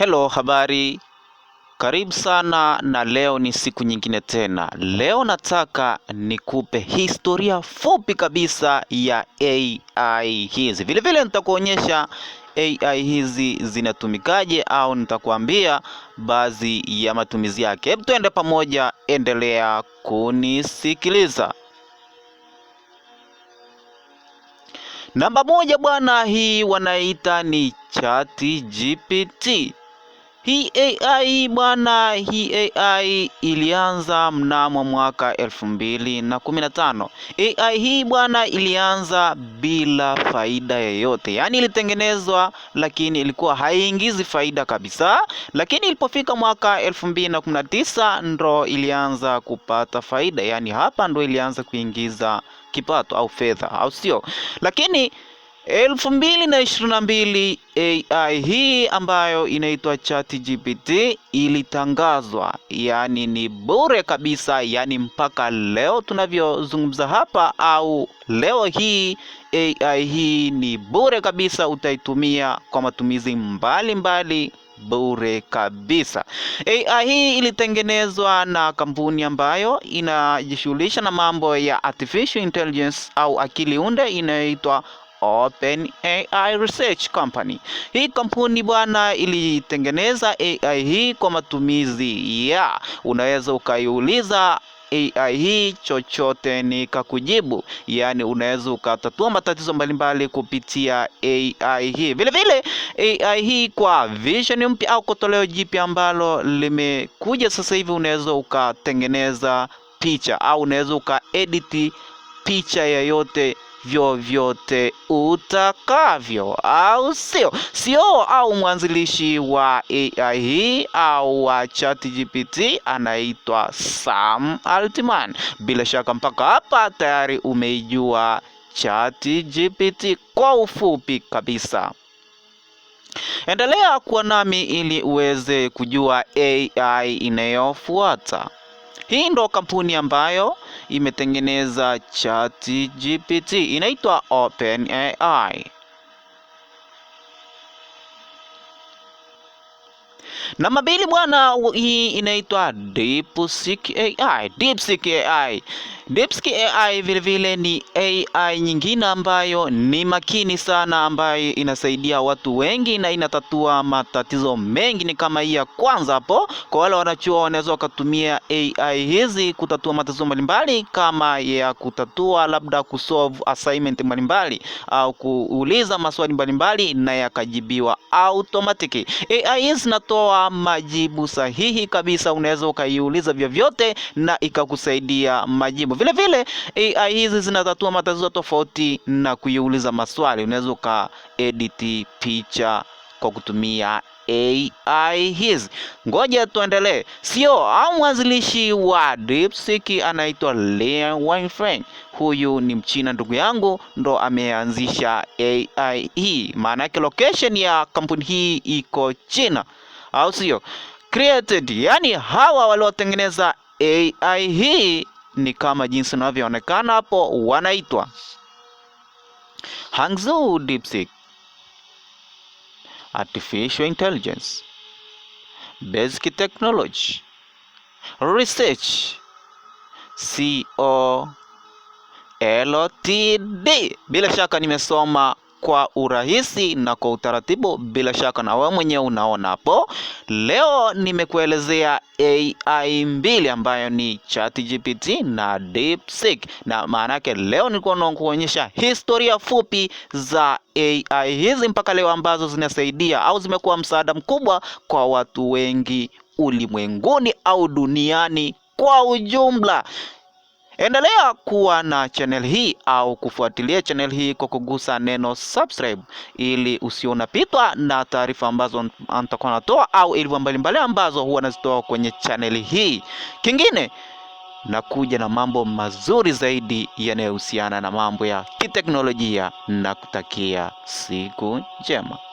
Hello, habari, karibu sana, na leo ni siku nyingine tena. Leo nataka nikupe historia fupi kabisa ya AI hizi, vilevile nitakuonyesha AI hizi zinatumikaje au nitakuambia baadhi ya matumizi yake. Hebu tuende pamoja, endelea kunisikiliza. Namba moja bwana, hii wanaita ni ChatGPT. Hii AI bwana, hii AI ilianza mnamo mwaka elfu mbili na kumi na tano. AI hii bwana ilianza bila faida yoyote, yaani ilitengenezwa lakini ilikuwa haiingizi faida kabisa, lakini ilipofika mwaka elfu mbili na kumi na tisa ndo ilianza kupata faida, yaani hapa ndo ilianza kuingiza kipato au fedha, au sio? Lakini elfu mbili na ishirini na mbili AI hii ambayo inaitwa ChatGPT ilitangazwa, yaani ni bure kabisa, yaani mpaka leo tunavyozungumza hapa au leo hii AI hii ni bure kabisa, utaitumia kwa matumizi mbalimbali mbali bure kabisa. AI hii ilitengenezwa na kampuni ambayo inajishughulisha na mambo ya artificial intelligence au akili unde inayoitwa AI Research Company. Hii kampuni bwana ilitengeneza AI hii kwa matumizi ya yeah. Unaweza ukaiuliza AI hii chochote ni kakujibu yaani unaweza ukatatua matatizo mbalimbali kupitia AI hii. Vilevile AI hii kwa vision mpya au kotoleo jipya ambalo limekuja sasa hivi, unaweza ukatengeneza picha au unaweza ukaediti picha yoyote vyovyote utakavyo, au sio? sio au mwanzilishi wa AI hii au wa ChatGPT anaitwa Sam Altman. Bila shaka mpaka hapa tayari umeijua ChatGPT kwa ufupi kabisa. Endelea kuwa nami ili uweze kujua AI inayofuata. Hii ndo kampuni ambayo imetengeneza ChatGPT, inaitwa OpenAI. Namba mbili bwana, hii inaitwa DeepSeek AI. DeepSeek AI. DeepSeek AI vile vile ni AI nyingine ambayo ni makini sana, ambayo inasaidia watu wengi na inatatua matatizo mengi, ni kama hii ya kwanza hapo. Kwa wale wanachuo, wanaweza wakatumia AI hizi kutatua matatizo mbalimbali, kama ya kutatua labda kusolve assignment mbalimbali au kuuliza maswali mbalimbali na yakajibiwa automatic. AI hizi zinatoa majibu sahihi kabisa. Unaweza ukaiuliza vyovyote na ikakusaidia majibu. Vile vile AI hizi zinatatua matatizo tofauti na kuiuliza maswali. Unaweza ukaediti picha kwa kutumia AI hizi. Ngoja tuendelee. Sio au mwanzilishi wa DeepSeek anaitwa Lian Wenfeng. Huyu ni Mchina ndugu yangu, ndo ameanzisha AI hii. Maana yake location ya kampuni hii iko China au sio? Created, yani hawa waliotengeneza AI hii ni kama jinsi inavyoonekana hapo, wanaitwa Hangzhou DeepSeek Artificial Intelligence Basic Technology Research COLTD. Bila shaka nimesoma kwa urahisi na kwa utaratibu bila shaka, na wewe mwenyewe unaona hapo. Leo nimekuelezea AI mbili ambayo ni ChatGPT na DeepSeek, na maana yake leo nilikuwa nakuonyesha historia fupi za AI hizi mpaka leo ambazo zinasaidia au zimekuwa msaada mkubwa kwa watu wengi ulimwenguni au duniani kwa ujumla. Endelea kuwa na channel hii au kufuatilia channel hii kwa kugusa neno subscribe, ili unapitwa na taarifa ambazo nitakuwa natoa au elimu mbalimbali ambazo huwa nazitoa kwenye channel hii. Kingine nakuja na mambo mazuri zaidi yanayohusiana na mambo ya kiteknolojia na kutakia siku njema.